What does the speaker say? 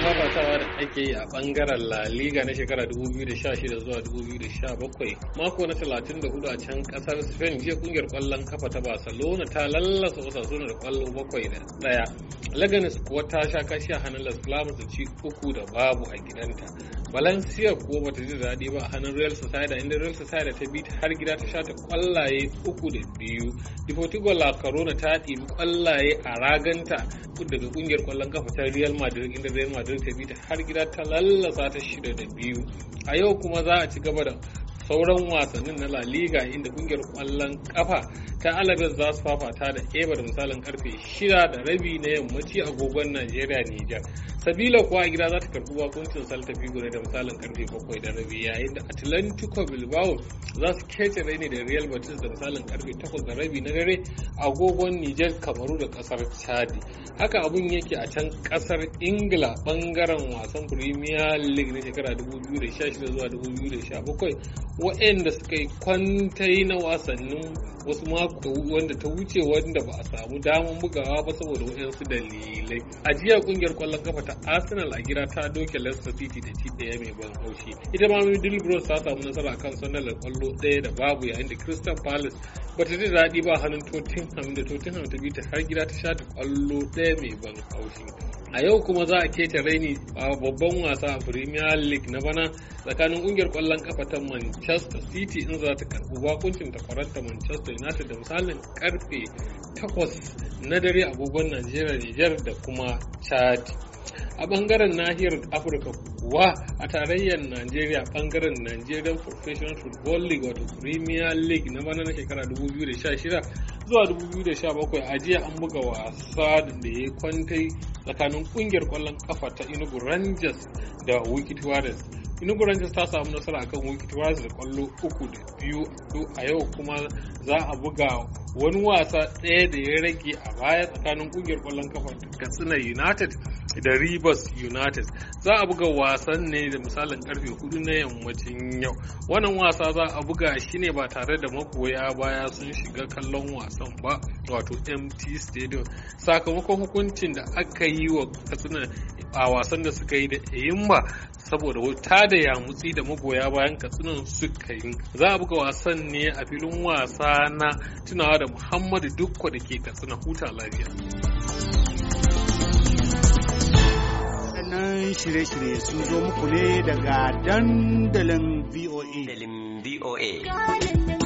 fafatawa da ake yi a bangaren La Liga na shekara 2016 zuwa 2017 mako na 34 a can kasar Spain jiya kungiyar kwallon kafa ta Barcelona ta lallasa Osasuna da kwallo bakwai da daya. Leganes kuwa ta sha kashi a hannun Las Palmas da ci uku da babu a gidanta. Valencia kuwa ta ji daɗi ba a hannun Real Sociedad inda Real Sociedad ta bi har gida ta sha ta kwallaye uku da biyu. Deportivo La Corona ta ɗibi kwallaye a raganta daga ƙungiyar kwallon kafa ta Real Madrid inda Real Madrid ta bi ta har gida ta lallasa ta shida da biyu. A yau kuma za a ci gaba da sauran wasannin na La Liga inda kungiyar kwallon kafa ta Alabes za su fafata da Eba misalin karfe shida da rabi na yammaci agogon Najeriya Nijar. sabila kuwa a gida za ta karbi wakuncin salta figo ne da misalin karfe 7 da rabi yayin da atlantico bilbao za su kece ne da real betis da misalin karfe 8 da rabi na dare agogon niger kamaru da kasar chadi haka abun yake a can kasar ingila bangaren wasan premier league na shekara 2016 zuwa 2017 waɗanda suka yi kwantai na wasannin wasu mako wanda ta wuce wanda ba a samu damar bugawa ba saboda waɗansu dalilai a jiya kungiyar kwallon kafa ta Arsenal a gida ta doke Leicester City da ci ɗaya mai ban haushi. Ita ma bros ta samu nasara kan Sunderland kwallo ɗaya da babu yayin da Crystal Palace ba ta ji daɗi ba hannun Tottenham da Tottenham ta bi ta har gida ta sha ta kwallo ɗaya mai ban haushi. A yau kuma za a keta raini a babban wasa a Premier League na bana tsakanin ƙungiyar ƙwallon kafa ta Manchester City in za ta karɓi bakuncin faranta Manchester United da misalin karfe 8 na dare agogon Najeriya Nijar da kuma Chad. a bangaren nahiyar afirka kuwa a tarayyar najeriya bangaren nigerian professional football league wato premier league na bana na shekara 2016 zuwa 2017 a jiya an buga wasa da ya kwantai tsakanin kungiyar kwallon kafa ta inugu rangers da wikit warriors inugu rangers ta samu nasara akan wikit warriors da kwallo uku da biyu a yau kuma za a buga wani wasa ɗaya da ya rage a baya tsakanin ƙungiyar kwallon kafa katsina united da rivers united za a buga wasan ne da misalin karfe hudu na yammacin yau wannan wasa za a buga shi ne ba tare da magoya baya sun shiga kallon wasan ba wato mt stadium sakamakon hukuncin da aka yi wa katsina a wasan da suka yi da eyimba saboda wuta da yamutsi da magoya bayan katsinan suka yi za a buga wasan ne a filin wasa na tunawa da Muhammadu Dukko da ke na huta lafiya. Sannan shirye-shirye sun zo muku ne daga dandalin VOA. Dandalin VOA.